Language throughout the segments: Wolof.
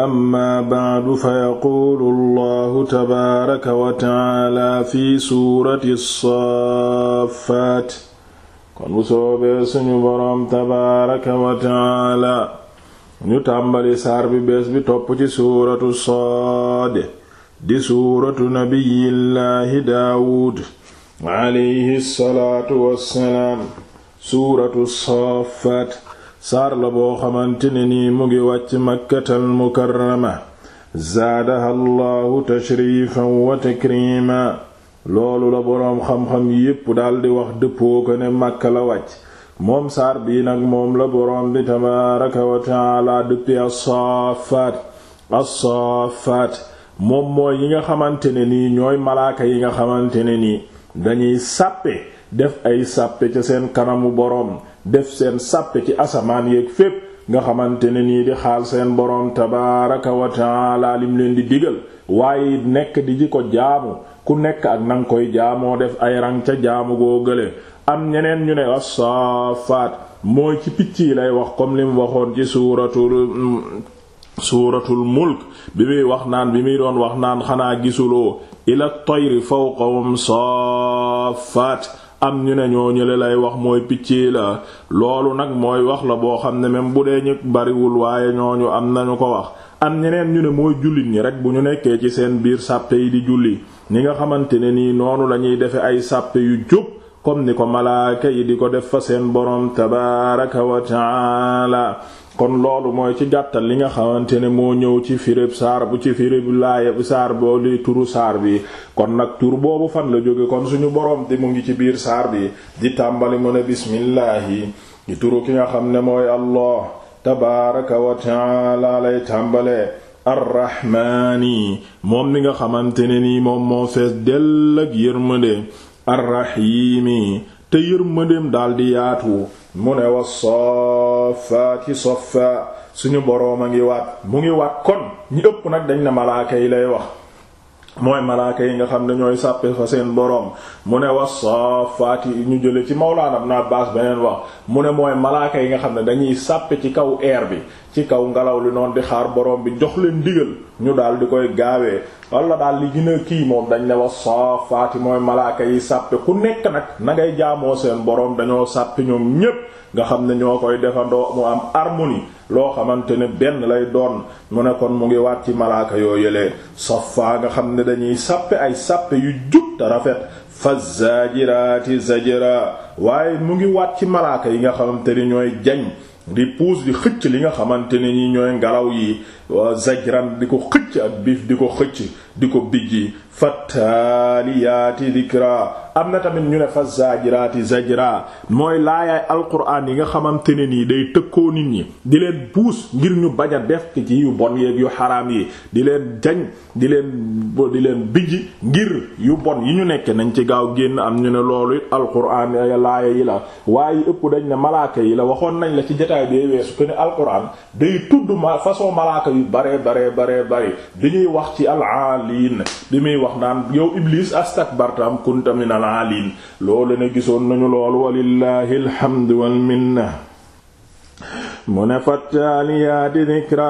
amma ba'du fa yaquulu allahu tabaaraka wa fi suurati saaffaat kon bu soobee suñu boroom tabaaraka wa ñu tàmbali saar bi bees bi topp ci suuratu saad di suuratu nabiyillaahi daawuud alayhi salaatu wassalaam suuratu saaffaat saar la boo xamante ne nii mu ngi wàcc makkatal mukarrama zaadaha allahu tashrifan wa takrima loolu la boroom xam-xam yépp daldi wax dëppoo ko ne màkka la wàcc moom saar bii nag moom la boroom bi tabaaraka wa dëppee assaafaat assaafaat moom mooy yi nga xamante ne nii ñooy malaaka yi nga xamante ne nii dañuy sàppe def ay sàppe ca seen kanamu boroom def seen sàppe ci asamaan yéeg fépp nga xamante ne nii di xaal seen boroom tabaaraka wa lim leen di digal waaye nekk di ji ko jaamu ku nekk ak na koy jaamoo def ay rang ca jaamu goo gële am ñeneen ñu ne as faat mooy ci picc yi lay wax comme lim waxoon ci suuratul suuratul mulk bi muy wax naan bi muy doon wax naan xanaa gisuloo ila tayri fawqahum saafaat am ñu ne ñoo ñële lay wax mooy picc yi la loolu nag mooy wax la boo xam ne même bu dee ñu bariwul waaye ñooñu am nañu ko wax am ñeneen ñu ne mooy jullit ñi rek bu ñu nekkee ci seen biir sàppe yi di julli ñi nga xamante ne nii noonu la ñuy defe ay sàppe yu jub comme ni ko malaaka yi di ko def fa seen boroom tabaaraka wa taala kon loolu mooy ci gàttal li nga xamante ne moo ñëw ci firib saar bu ci firib laay bi saar boo li turu saar bi kon nag tur boobu fan la jóge kon suñu boroom di mu ngi ci biir saar bi di tàmbali mu ne bismillaahi di turu ki nga xam ne mooy allah tabaaraka wa lay tàmbale arrahmaani moom mi nga xamante ne nii moom moo fees dell ak yërmande arrahiimi te yërmandeem daldi yaatu mu ne wasso saffati saffa suñu boroom a ngi waat mu ngi waat kon ñi ëpp nag dañ ne malaaka yi lay wax mooy malaaka yi nga xam ne ñooy sàppe fa seen boroom mu ne wax wa yi ñu jële ci mawlaana Ibn Abbaas beneen wax mu ne mooy malaaka yi nga xam ne dañuy sàppe ci kaw air bi ci kaw ngelaw li noonu di xaar boroom bi jox leen digal ñu daal di koy gaawee walla daal li gën a kii moom dañ ne wa yi mooy malaaka yi sàppe ku nekk nag na ngay jaamoo seen boroom dañoo sàppe ñoom ñépp nga xam ne ñoo koy defandoo mu am harmonie loo xamante ne benn lay doon mu ne kon mu ngi waat ci malaaka yoo yëlee saffaa nga xam ne dañuy sàppe ay sàppe yu jub te rafet fa zajiraati zajra waaye mu ngi waat ci malaaka yi nga xamante ni ñooy jañ di puus di xëcc li nga xamante ne ñi ñooy ngelaw yi zajran di ko xëcc ak biif di ko xëcc di ko bijji fattaaliyaati dikra am na tamit ñu ne fa zajiraati zajra mooy laayaay alquran yi nga xamante ne nii day tëkkoo nit ñi di leen puus ngir ñu bañ a def ci yu bon yeeg yu xaraam yi di leen jañ di leen di leen bijji ngir yu bon yi ñu nekkee nañ ci gaaw génn am ñu ne loolu it alquran laaya yi la waaye ëpp dañ ne malaaka yi la waxoon nañ la ci jotaay bi weesu ko ne day tudd ma façon malaaka yu bare bare bare bare ñuy wax ci al aliin bi muy wax naan yow iblis astakbartam kunta aliin loolu ne gisoon nañu loolu walillahi alhamdu wal minna mu ne fattaaliyaati dikra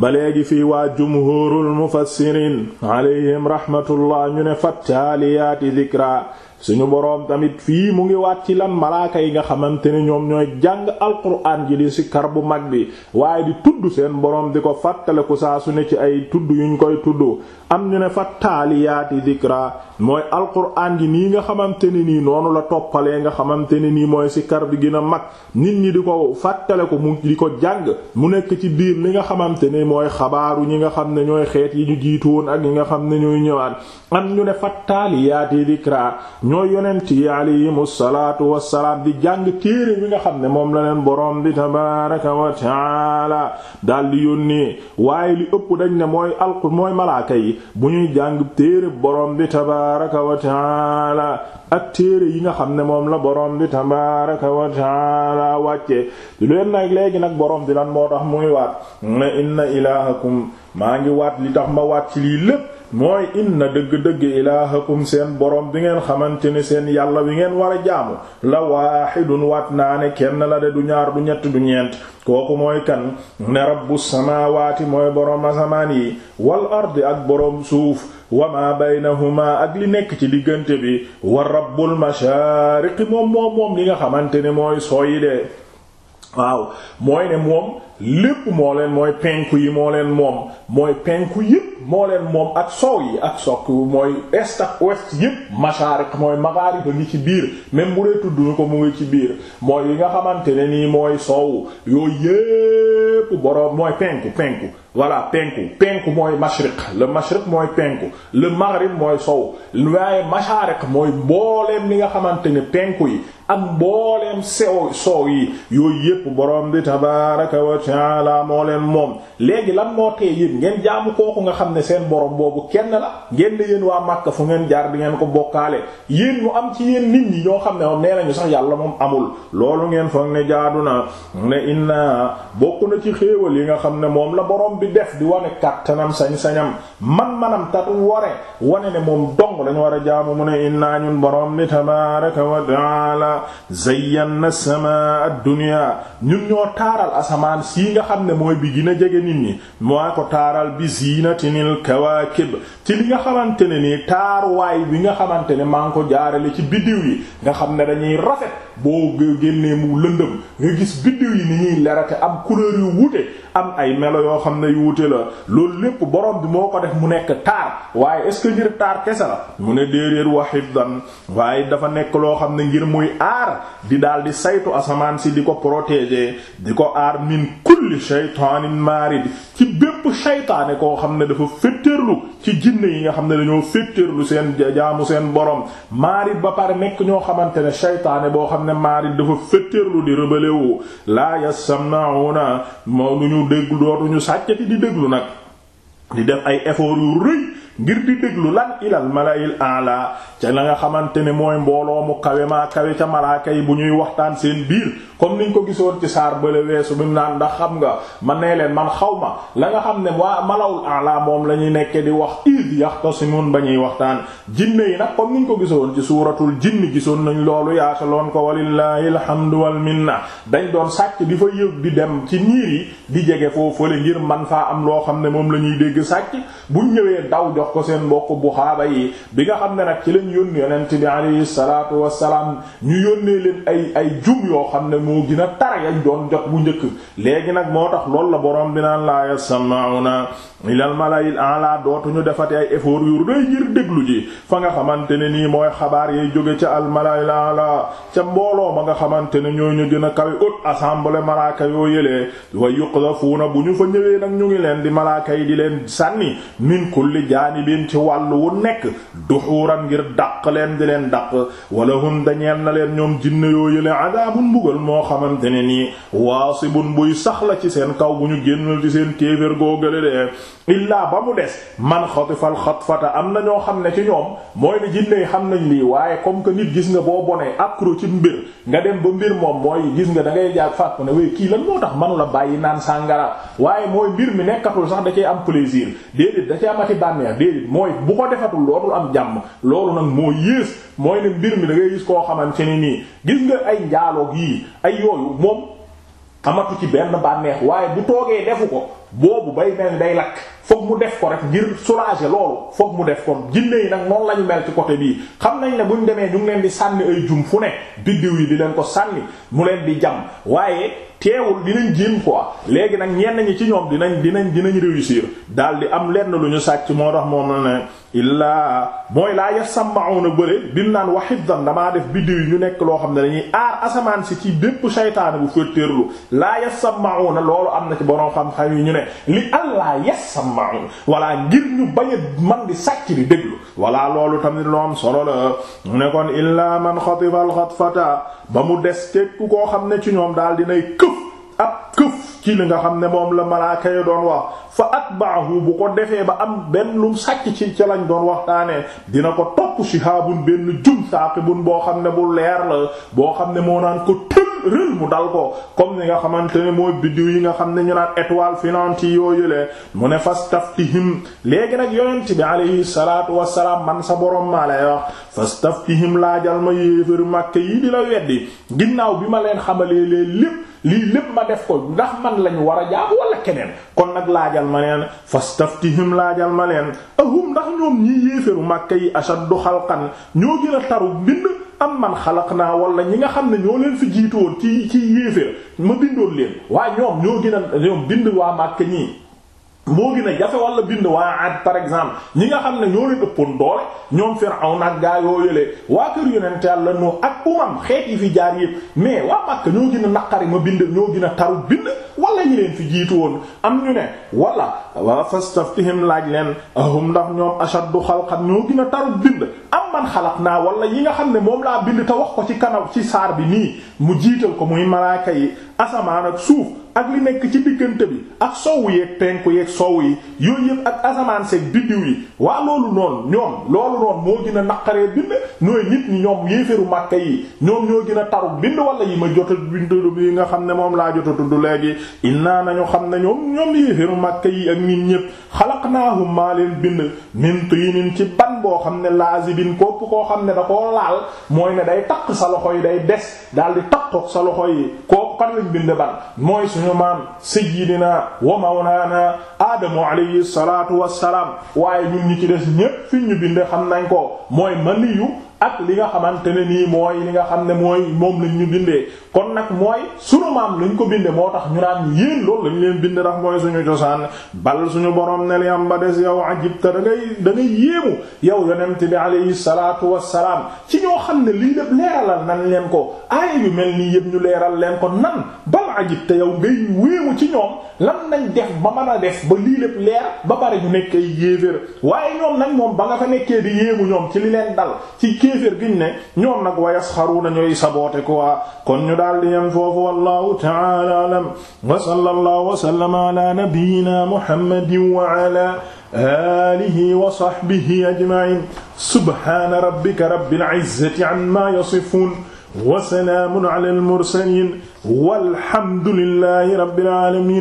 ba léegi fii waa jumhuurul mufassiriin alayhim rahmatullah ñu ne fattaaliyaati dikra suñu boroom tamit fii mu ngi waat ci lan malaaka yi nga xamante ni ñoom ñooy jàng alquran ji di sikkar bu mag bi waaye di tudd seen boroom di ko fàttaleku saa su ne ci ay tudd ñu koy tuddoo am ñu ne fa taaliyaati dikra mooy alquran ji nii nga xamante ne nii noonu la toppalee nga xamante ne nii mooy sikkar bi gën mag nit ñi di ko fàttaleku mu di ko jàng mu nekk ci biir li nga xamante ne mooy xabaaru ñi nga xam ne ñooy xeet yi ñu jiitu woon ak ñi nga xam ne ñooy ñëwaat am ñu ne fa taaliyaati dikra ñooy yonent yi alayhimu wa wassalaam di jàng téere bi nga xam ne moom la leen boroom bi tabaaraka wa taala daldi yónnee waaye li ëpp dañ ne mooy alqu mooy malaaka bu ñuy jàng téere boroom bi tabaaraka wa taala ak téere yi nga xam ne moom la borom bi tabaaraka wa taala wàcce di leen nag léegi nag borom bi lan moo tax muy waat ne inna ilaahakum maa ngi waat li tax ma waat ci lii lépp mooy inna dëgg-dëgg ilaahakum seen boroom bi ngeen xamante ne seen yàlla wi ngeen war a jaamu la waaxidun waat naa ne kenn la de du ñaar du ñett du ñeent kooku mooy kan ne rabbu samaawaati mooy borom asamaan yi wal ardi ak boroom suuf. wa ma baynahuma ak li nekk ci diggante bi wa rabbul mashaariqi moom moom moom li nga xamante ne mooy sooyi de waaw mooy ne moom lépp moo leen mooy penku yi moo leen moom mooy penku yépp moo moom ak soow yi ak sokk mooy est ak ouest yépp mashaariq mooy magharib ba ngi ci biir même bu dee tudd ñu ko mu ngi ci biir mooy yi nga xamante ne nii mooy soow yooyu yépp boroom mooy penku penku voilà penku penku mooy mashriq le mashriq mooy penku le maghrib mooy sow waaye mashaariq mooy mbooleem li nga xamante ne penku yi am mbooleem sew soow yi yooyu yépp borom bi tabaraka wa taala moo leen moom léegi lan moo tee yéen ngeen jaamu kooku nga xam ne seen borom boobu kenn la ngeen ne yéen waa Makka fu ngeen jaar bi ngeen ko bokkaale yéen mu am ci yéen nit ñi ñoo xam ne moom nee nañu sax yàlla moom amul loolu ngeen foog ne jaadu na ne inna bokk na ci xéewal yi nga xam ne moom la borom bi def di wane kàttanam sañ-sañam man-manam tat ware wane ne moom dong lañu war a jaamu mu ne inna ñun borom bi tabaraka wa taala zayyanna samaa ad-dunya ñun ñoo taaral asamaan si nga xam ne mooy bi gën a jege nit ñi moo ko taaral bi ziinatinil kawaakib ci li nga xamante ne nii taar waay bi nga xamante ne maa ngi ko jaarale ci biddiw yi nga xam ne dañuy rafet boo génnee mu lëndëm nga gis biddiw yi ni ñuy lerate am couleur yu wuute am ay melo yoo xam ne yu wuute la loolu lépp borom bi moo ko def mu nekk taar waaye est-ce taar kese la mu ne déedéet waxit dan waaye dafa aar di daal di saytu asamaan si di ko protéger di ko aar min kulli shaytaanin maarid ci bépp shaytaane koo xam ne dafa féttërlu ci jinne yi nga xam ne dañoo féttërlu seen jaamu seen borom maarid ba pare nekk ñoo xamante ne shaytaane boo xam ne maarid dafa féttërlu di rébélé wu laa yasamnauna moo lu ñu déglu dootuñu sàccati di déglu nag di def ay effort yu rëy ngir di déglu lan ilal malayil ala ca la nga xamante ne mooy mbooloo mu kawe maa kawe ca malaaka yi bu ñuy waxtaan seen biir comme niñ ko gisoon ci saar bële weesu bi naan ndax xam nga man nee leen man xaw ma la nga xam ne waa malawul ala moom la ñuy nekke di wax yax id yaxtasimun ba ñuy waxtaan jinne yi nag comme niñ ko gisoon ci suuratul jinni gisoon nañ loolu loon ko walillahi alhamdu wal minna dañ doon sàcc di fa yëg di dem ci niir yi di jege foofu ngir man faa am loo xam ne moom la ñuy dégg sàcc buñ ñëwee daw jox ko seen mbokk bu xaaba yi bi nga xam ne nag ci lañ yónni yonent bi alayhi salaatu wassalaam ñu yónnee leen ay ay jum yoo xam ne moo gën a tar yañ doon jot bu njëkk léegi nag moo tax loolu la boroom bi naan laa yasma'una ilal mala'il a'la dootuñu defati ay effort yu rëy ngir déglu ji fa nga xamante ne nii mooy xabaar yi jóge ca al mala'il a'la ca mbooloo ma nga xamante ne ñoo ñu gën a kawe haute assemblée malaaka yoo yëlee wa yuqdhafuuna bu ñu nag ñu ngi leen di malaaka yi di sànni jaanibiin ci wàll wu nekk duxuuran ngir dàq leen di leen dàq wala hum dañeel na leen ñoom jinne yooyu leen adaabun mbugal moo xamante ne nii waasibun buy la ci seen kaw bu ñu génnal ci seen kéefér googale de illaa ba mu des man xatifal xatfata am na ñoo xam ne ci ñoom mooy ne jinne xam nañ lii waaye comme que nit gis nga boo bonee accro ci mbir nga dem ba mbir moom mooy gis nga da ngay jaag fàtku ne waaye kii lan moo tax manu la bàyyi naan sàngara waaye mooy mbir mi nekkatul sax da cay am déedéet mooy bu ko defatul loolu am jàmm loolu nag moo yées mooy ne mbir mi da ngay gis koo xamante ne nii gis nga ay njaaloog yii ay yooyu moom amatu ci benn bànneex waaye bu toogee defu ko boobu bay mel day lakk foog mu def ko rek ngir soulager loolu foog mu def ko jinne yi nag noonu la ñu mel ci côté bii xam nañ ne buñ demee ñu ngi leen di sànni ay jum fu ne biddiw yi di leen ko sànni mu leen di jam waaye teewul dinañ jéem quoi léegi nag ñenn ñi ci ñoom dinañ dinañ dinañ réussir daal di am lenn lu ñu sàcc moo tax moom la ne illaa mooy laa ya sàmmawuna bële bim naan wahifdan damaa def biddiw yi ñu nekk loo xam ne dañuy aar asamaan si ci bépp saytaane bu féttéerlu laa ya sàmmawuna loolu am na ci borom xam yi ñu ne yasma'un walla ngir ñu bañ a man di sàcc di déglu walla loolu tamit loo solo la mu ne kon illaa man xatifa al xatfata ba mu des képp koo xam ne ci ñoom daal dinay këf ab këf ci li nga xam ne moom la malaaka ya doon wax fa at atbaahu bu ko defee ba am benn lum sàcc ci ca lañ doon waxtaanee dina ko topp shihaabun benn jum saaqibun boo xam ne bu leer la boo xam ne moo naan ko rël mu dal ko comme ni nga xamante ne mooy biddiw yi nga xam ne ñu naan étoile filante yoo yëlee mu ne fastaftihim léegi nag yonent bi alayhi salaatu salaam man sa borom maa lay wax fastaftihim laajal ma yéefar Makka yi di la weddi ginnaaw bi ma leen xamalee lépp lii lépp ma def ko ndax man lañu war a jaamu wala keneen kon nag laajal ma leen fastaftihim laajal ma leen ahum ndax ñoom ñii yéeféru Makka yi ashaddu xalqan ñoo gën a taru bind am man xalaq naa wala ñi nga xam ne ñoo leen fi jiitoon ci ci yéeféer ma bindoon leen waaye ñoom ñoo gën a ñoom bind waa Makka ñii moo gën a jafe wala bind waa Aad par exemple ñi nga xam ne ñoo leen ëppoon doole ñoom Firawna ak gaa yoo yëlee waa kër yonent Yàlla noo ak umam xeet yi fi jaar yépp mais waa Makka ñoo gën a naqari ma bind ñoo gën a taru bind ñi leen fi jiitu woon am ñu ne wala wa fastaftihim laaj leen ahum ndax ñoom ashaddu xalqan ñoo gën a taru bind am man xalaq naa wala yi nga xam ne moom laa bind te wax ko ci kanaw ci saar bi nii mu jiital ko muy malaaka yi asamaan ak suuf ak li nekk ci diggante bi ak sowu yeeg penku yeeg sowu yi yooyu yëpp ak asamaan seeg biddiw yi waa loolu noonu ñoom loolu noonu moo gën a naqaree bind nooy nit ñi ñoom yéeféru màkka yi ñoom ñoo a taru bind wala yi ma jota bind yi nga xam ne moom laa jota tudd léegi naa nañu xam ne ñoom ñoom yéeféru Makka yi ak nit ñépp xalaqnaahum maa leen bind min tiinin ci ban boo xam ne laazibin kopp koo xam ne da koo laal mooy ne day takk sa loxo yi day des daal di takkook sa loxo yi kooku kan bind ban mooy suñu maam sayyidina wa mawlaana aadamu alayhi salaatu wassalaam waaye ñun ñi ci des ñépp fi ñu bindee xam nañ ko mooy maniyu ak li nga xamante ne nii mooy li nga xam ne mooy moom lañ ñu bindee kon nag mooy sunu maam lañ ko bindee moo tax ñu naan yéen loolu lañ leen bind ndax mooy suñu cosaan bal suñu borom ne li am ba des yow ajibta da ngay da ngay yéemu yow yonent bi alayhi salaatu wassalaam ci ñoo xam ne lii lépp leeralal nan leen ko aaya yu mel nii yëpp ñu leeral leen ko nan bal ajibta yow ngay wéemu ci ñoom lan nañ def ba mën a def ba lii lépp leer ba pare ñu nekk ay yéeféer waaye ñoom ci li leen dal kéeféer giñ ne ñoom nag wa yasxaruuna ñooy saboote ko waa kon ñu daal di yem foofu wallahu ta'ala alam wa sallallahu wa sallama ala nabiyyina muhammadin wa ala alihi wa sahbihi ajma'in subhana rabbika rabbil izzati amma yasifun wa salamun ala al mursalin walhamdulillahi rabbil alamin